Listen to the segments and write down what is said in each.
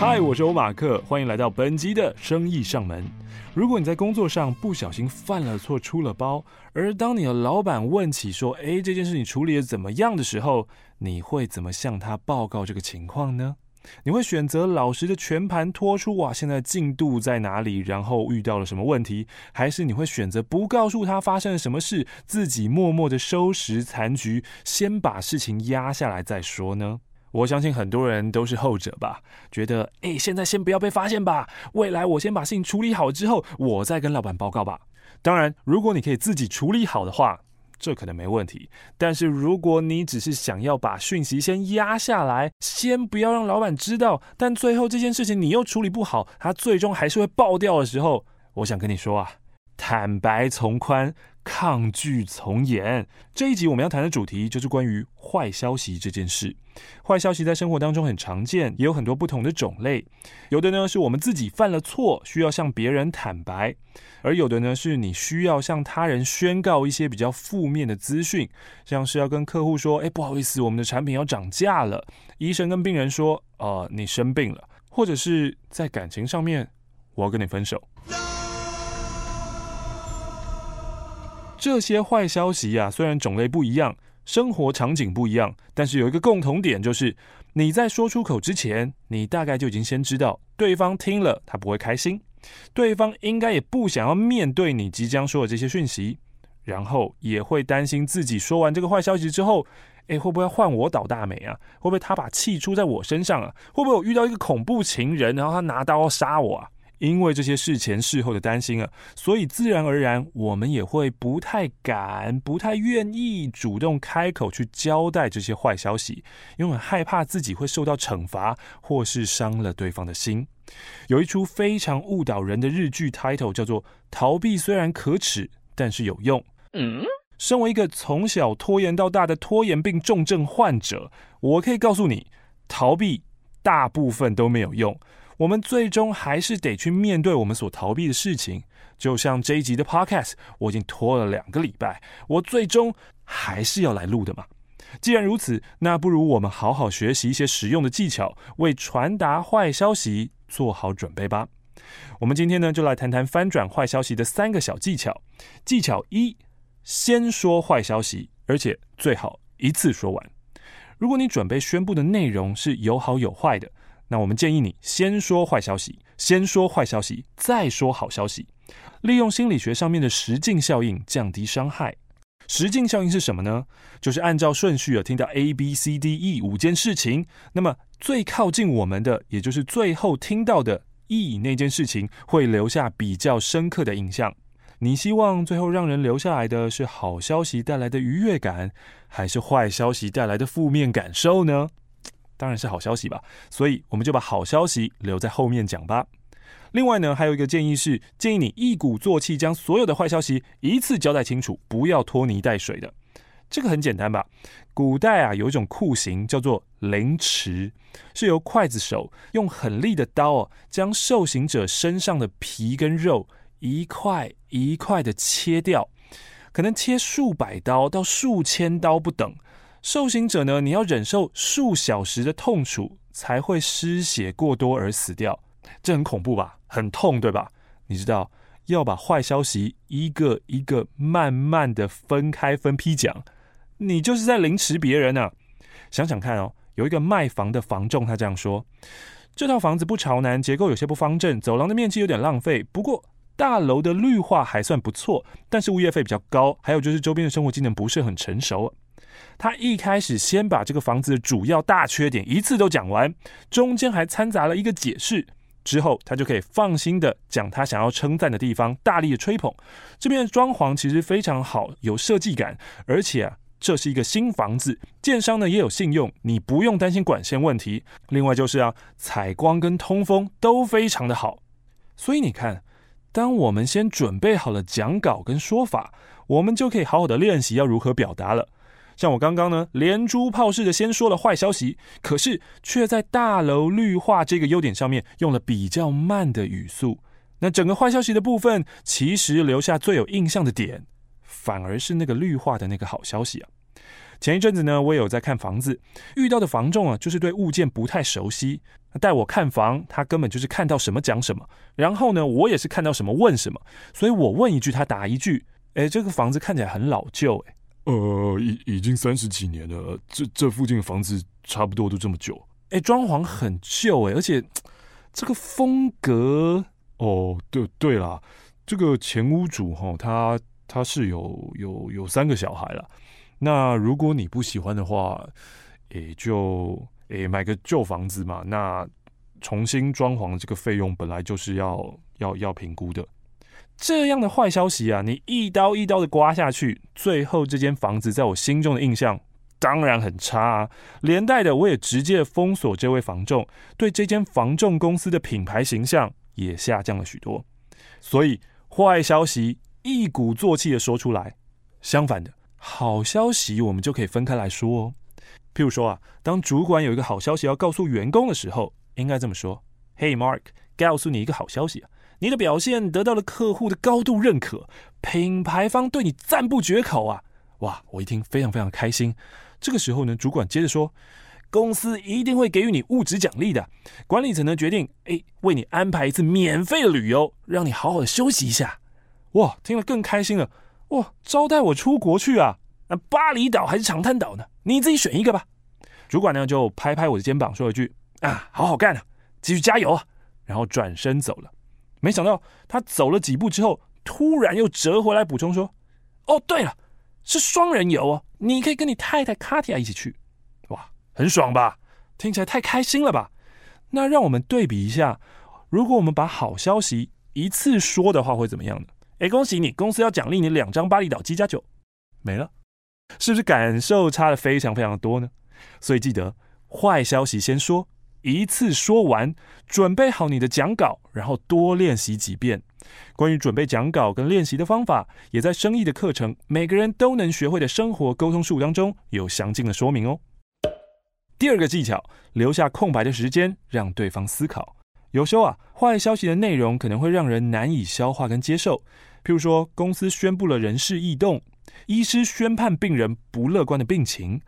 嗨，Hi, 我是歐馬克，歡迎來到本集的生意上門。如果你在工作上不小心犯了錯，出了包，而當你的老板問起說：“哎、欸，這件事你處理得怎麼樣的時候，你會怎麼向他報告這個情況呢？你會選擇老實的全盤托出哇，現在進度在哪裡，然後遇到了什麼問題？還是你會選擇不告訴他發生了什麼事，自己默默地收拾殘局，先把事情壓下來再說呢？”我相信很多人都是後者吧，覺得誒、欸，現在先不要被發現吧，未來我先把事情處理好之後，我再跟老闆報告吧。當然，如果你可以自己處理好的話，這可能沒問題。但是如果你只是想要把訊息先壓下來，先不要讓老闆知道，但最後這件事情你又處理不好，他最終還是會爆掉的時候，我想跟你說啊。坦白從寬，抗拒從嚴。這一集我們要談的主題就是關於壞消息這件事。壞消息在生活當中很常見，也有很多不同的種類。有的呢是我們自己犯了錯，需要向別人坦白；而有的呢是你需要向他人宣告一些比較負面的資訊，像是要跟客戶說：“哎，不好意思，我們的產品要漲價了。”醫生跟病人說：“哦、呃，你生病了。”或者是在感情上面，我要跟你分手。這些壞消息呀、啊，雖然種類不一樣，生活場景不一樣，但是有一個共同點，就是你在說出口之前，你大概就已經先知道對方聽了他不會開心，對方應該也不想要面對你即將說的這些訊息，然後也會擔心自己說完這個壞消息之後，誒，會不會換我倒大霉啊？會不會他把氣出在我身上啊？會不會我遇到一個恐怖情人，然後他拿刀殺我啊？因為這些事前事後的擔心啊，所以自然而然，我們也會不太敢、不太願意主動開口去交代這些壞消息，因為害怕自己會受到懲罰，或是傷了對方的心。有一出非常誤導人的日劇 title 叫做《逃避雖然可恥，但是有用》。嗯，身為一個從小拖延到大的拖延病重症患者，我可以告訴你，逃避大部分都沒有用。我們最終還是得去面對我們所逃避的事情，就像這一集的 podcast，我已經拖了兩個禮拜，我最終還是要來錄的嘛。既然如此，那不如我們好好學習一些實用的技巧，為傳達壞消息做好準備吧。我們今天呢，就來談談翻轉壞消息的三個小技巧。技巧一，先說壞消息，而且最好一次說完。如果你準備宣布的內容是有好有壞的，那我們建議你先說壞消息，先說壞消息，再說好消息，利用心理學上面的時近效應降低傷害。時近效應是什麼呢？就是按照順序啊聽到 A B C D E 五件事情，那麼最靠近我們的，也就是最後聽到的 E 那件事情，會留下比較深刻的印象。你希望最後讓人留下來的是好消息帶來的愉悅感，還是壞消息帶來的負面感受呢？當然是好消息吧，所以我們就把好消息留在後面講吧。另外呢，還有一個建議是，建議你一鼓作氣將所有的壞消息一次交代清楚，不要拖泥帶水的。這個很簡單吧？古代啊，有一種酷刑叫做凌遲，是由劊子手用很利的刀啊，將受刑者身上的皮跟肉一塊一塊的切掉，可能切數百刀到數千刀不等。受刑者呢，你要忍受數小時的痛楚，才會失血過多而死掉，這很恐怖吧？很痛對吧？你知道要把壞消息一個一個慢慢的分開分批講，你就是在凌遲別人呢、啊。想想看哦，有一個賣房的房仲，他這樣說：這套房子不朝南，結構有些不方正，走廊的面積有點浪費。不過大樓的綠化還算不錯，但是物業費比較高，還有就是周邊的生活機能不是很成熟。他一開始先把這個房子的主要大缺點一次都講完，中間還摻雜了一個解釋，之後他就可以放心的講他想要稱讚的地方，大力的吹捧。這邊的裝潢其實非常好，有設計感，而且啊，這是一個新房子，建商呢也有信用，你不用擔心管線問題。另外就是啊，採光跟通風都非常的好。所以你看，當我們先準備好了講稿跟說法，我們就可以好好的練習要如何表達了。像我剛剛呢，連珠炮似的先說了壞消息，可是卻在大樓綠化這個優點上面用了比較慢的語速。那整個壞消息的部分，其實留下最有印象的點，反而是那個綠化的那個好消息啊。前一陣子呢，我也有在看房子，遇到的房仲啊，就是對物件不太熟悉。那帶我看房，他根本就是看到什麼講什麼，然後呢，我也是看到什麼問什麼，所以我問一句，他答一句。哎，這個房子看起來很老舊，欸，呃，已已經三十幾年了，這這附近房子差不多都這麼久。哎，裝潢很舊誒，而且這個風格……哦，對對啦，這個前屋主哈、哦，他他是有有有三個小孩了。那如果你不喜歡的話，也就哎買個舊房子嘛。那重新裝潢這個費用本來就是要要要評估的。這樣的壞消息啊，你一刀一刀的刮下去，最後這間房子在我心中的印象當然很差啊，連帶的我也直接封鎖這位房仲，對這間房仲公司的品牌形象也下降了許多。所以壞消息一鼓作氣的說出來，相反的好消息我們就可以分開來說哦。譬如說啊，當主管有一個好消息要告訴員工的時候，應該這麼說：“嘿，Hey，Mark，告訴你一個好消息啊。”你的表現得到了客戶的高度認可，品牌方對你讚不絕口啊！哇，我一聽非常非常開心。這個時候呢，主管接着說，公司一定會給予你物質獎勵的，管理層呢決定，哎，為你安排一次免費的旅遊，讓你好好的休息一下。哇，聽了更開心了。哇，招待我出國去啊？那巴厘島還是長灘島呢？你自己選一個吧。主管呢就拍拍我的肩膀，說一句啊，好好幹，啊，繼續加油啊！然後轉身走了。沒想到他走了幾步之後，突然又折回來補充說：“哦，對了，是雙人遊哦，你可以跟你太太卡蒂亞一起去，哇，很爽吧？聽起來太開心了吧？那讓我們對比一下，如果我們把好消息一次說的話會怎麼樣呢？哎，恭喜你，公司要獎勵你兩張巴厘島機加酒，沒了，是不是感受差得非常非常的多呢？所以記得壞消息先說。”一次說完，準備好你的講稿，然後多練習幾遍。關於準備講稿跟練習的方法，也在聲藝的課程，每個人都能學會的生活溝通術當中有詳盡的說明哦。第二個技巧，留下空白的時間讓對方思考。有時候啊，壞消息的內容可能會讓人難以消化跟接受，譬如說公司宣布了人事異動，醫師宣判病人不樂觀的病情。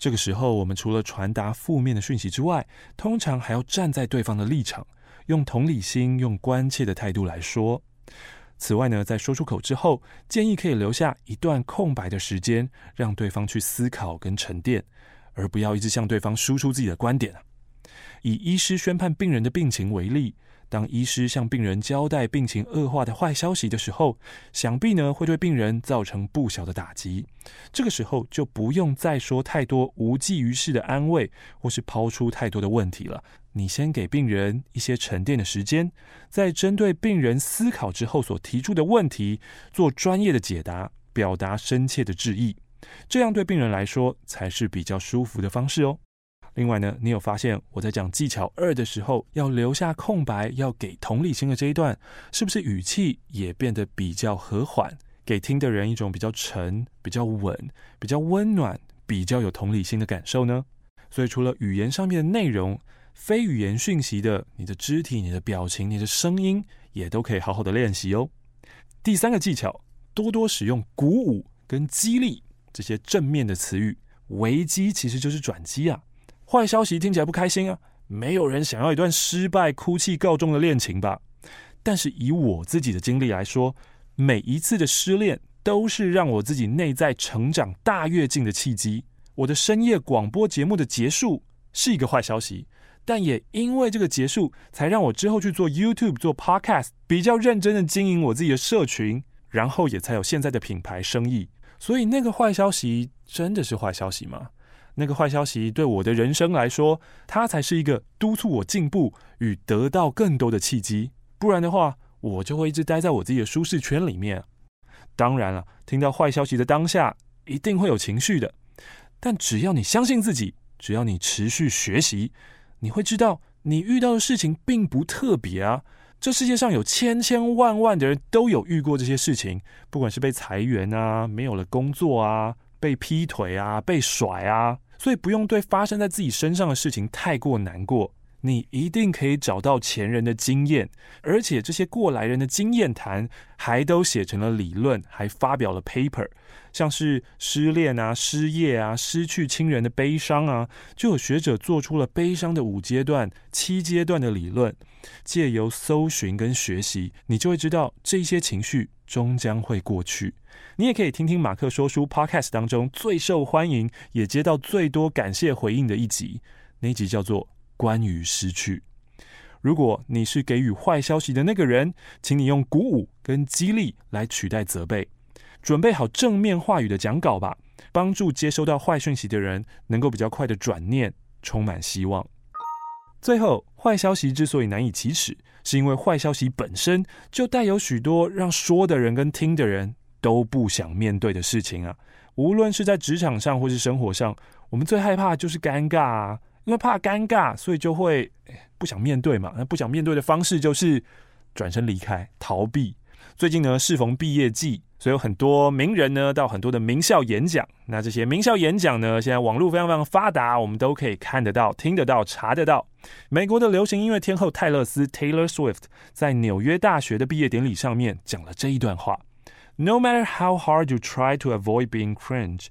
這個時候，我們除了傳達負面的訊息之外，通常還要站在對方的立場，用同理心、用關切的態度來說。此外呢，在說出口之後，建議可以留下一段空白的時間，讓對方去思考跟沉澱，而不要一直向對方輸出自己的觀點。以醫師宣判病人的病情為例。當醫師向病人交代病情惡化的壞消息的時候，想必呢會對病人造成不小的打擊。這個時候就不用再說太多無濟於事的安慰，或是拋出太多的問題了。你先給病人一些沉澱的時間，再針對病人思考之後所提出的問題做專業的解答，表達深切的致意，這樣對病人來說才是比較舒服的方式哦。另外呢，你有發現我在講技巧二的時候，要留下空白，要給同理心的這一段，是不是語氣也變得比較和緩，給聽的人一種比較沉、比較穩、比較溫暖、比較有同理心的感受呢？所以除了語言上面的內容，非語言訊息的，你的肢體、你的表情、你的聲音，也都可以好好的練習哦。第三個技巧，多多使用鼓舞跟激勵，這些正面的詞語，危機其實就是轉機啊。壞消息聽起來不開心啊，沒有人想要一段失敗、哭泣告終的戀情吧？但是以我自己的經歷來說，每一次的失戀都是讓我自己內在成長大躍進的契機。我的深夜廣播節目的結束是一個壞消息，但也因為這個結束，才讓我之後去做 YouTube、做 Podcast，比較認真的經營我自己的社群，然後也才有現在的品牌生意。所以那個壞消息真的是壞消息嗎？那個壞消息對我的人生來說，它才是一個督促我進步與得到更多的契機。不然的話，我就會一直待在我自己的舒適圈裡面。當然了啊，聽到壞消息的當下，一定會有情緒的。但只要你相信自己，只要你持續學習，你會知道你遇到的事情並不特別啊。這世界上有千千萬萬的人都有遇過這些事情，不管是被裁員啊，沒有了工作啊，被劈腿啊，被甩啊。所以不用對發生在自己身上的事情太過難過。你一定可以找到前人的經驗，而且這些過來人的經驗談還都寫成了理論，還發表了 paper。像是失戀啊、失業啊、失去親人的悲傷啊，就有學者做出了悲傷的五階段、七階段的理論。借由搜尋跟學習，你就會知道這些情緒終將會過去。你也可以聽聽馬克說書 podcast 當中最受歡迎、也接到最多感謝回應的一集，那一集叫做。關於失去，如果你是給予壞消息的那個人，請你用鼓舞跟激勵來取代責備。準備好正面話語的講稿吧，幫助接收到壞訊息的人能夠比較快的轉念，充滿希望。最後，壞消息之所以難以啟齒，是因為壞消息本身就帶有許多讓說的人跟聽的人都不想面對的事情啊。無論是在職場上或是生活上，我們最害怕的就是尷尬啊。因為怕尷尬，所以就會、欸、不想面對嘛。那不想面對的方式就是轉身離開、逃避。最近呢，適逢畢業季，所以有很多名人呢到很多的名校演講。那這些名校演講呢，現在網絡非常非常發達，我們都可以看得到、聽得到、查得到。美國的流行音樂天后泰勒斯 （Taylor Swift） 在紐約大學的畢業典禮上面講了這一段話：“No matter how hard you try to avoid being cringe,”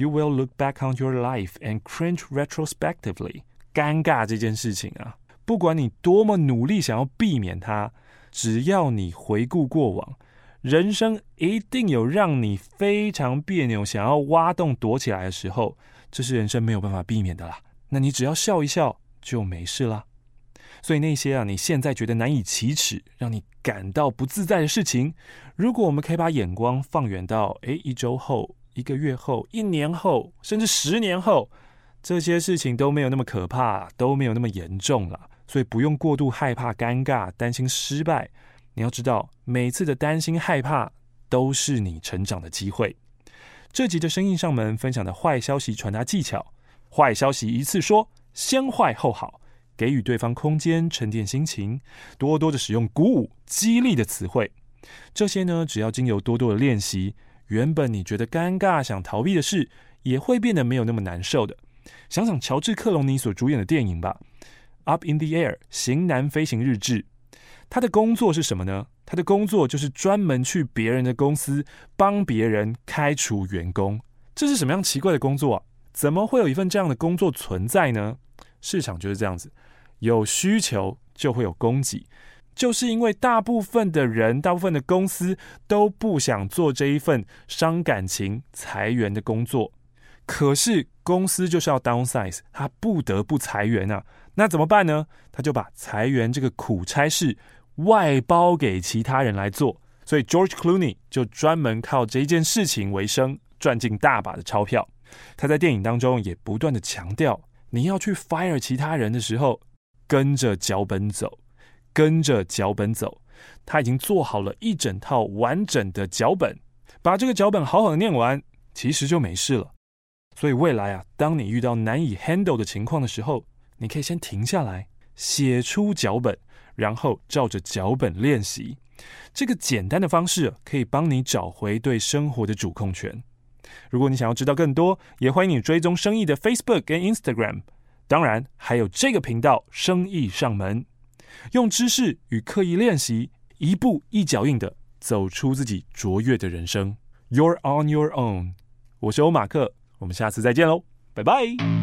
You will look back on your life and cringe retrospectively. 尷尬這件事情啊，不管你多麼努力想要避免它，只要你回顧過往，人生一定有讓你非常彆扭、想要挖洞躲起來的時候。這是人生沒有辦法避免的啦。那你只要笑一笑就沒事啦。所以那些啊，你現在覺得難以啟齒、讓你感到不自在的事情，如果我們可以把眼光放遠到，誒，一周後。一個月後、一年後，甚至十年後，這些事情都沒有那麼可怕，都沒有那麼嚴重了。所以不用過度害怕、尷尬，擔心失敗。你要知道，每次的擔心、害怕都是你成長的機會。這集的聲藝上門分享的壞消息傳達技巧：壞消息一次說，先壞後好，給予對方空間沉澱心情。多多的使用鼓舞、激勵的詞彙，這些呢，只要經由多多的練習。原本你覺得尷尬、想逃避的事，也會變得沒有那麼難受的。想想喬治·克隆尼所主演的電影吧，《Up in the Air》《型男飛行日誌》。他的工作是什麼呢？他的工作就是專門去別人的公司，幫別人開除員工。這是什麼樣奇怪的工作啊？怎麼會有一份這樣的工作存在呢？市場就是這樣子，有需求就會有供給。就是因為大部分的人、大部分的公司都不想做這一份傷感情、裁員的工作，可是公司就是要 downsize，他不得不裁員啊，那怎麼辦呢？他就把裁員這個苦差事外包給其他人來做。所以 George Clooney 就專門靠這一件事情為生，賺進大把的鈔票。他在電影當中也不斷的強調，你要去 fire 其他人的時候，跟着腳本走。跟着腳本走，他已經做好了一整套完整的腳本，把這個腳本好好的念完，其實就沒事了。所以未來啊，當你遇到難以 handle 的情況的時候，你可以先停下來，寫出腳本，然後照着腳本練習。這個簡單的方式啊，可以幫你找回對生活的主控權。如果你想要知道更多，也歡迎你追蹤聲藝的 Facebook 跟 Instagram，當然還有這個頻道“聲藝上門”。用知識與刻意練習，一步一腳印的走出自己卓越的人生。You're on your own. 我是歐馬克，我們下次再見嘍，拜拜。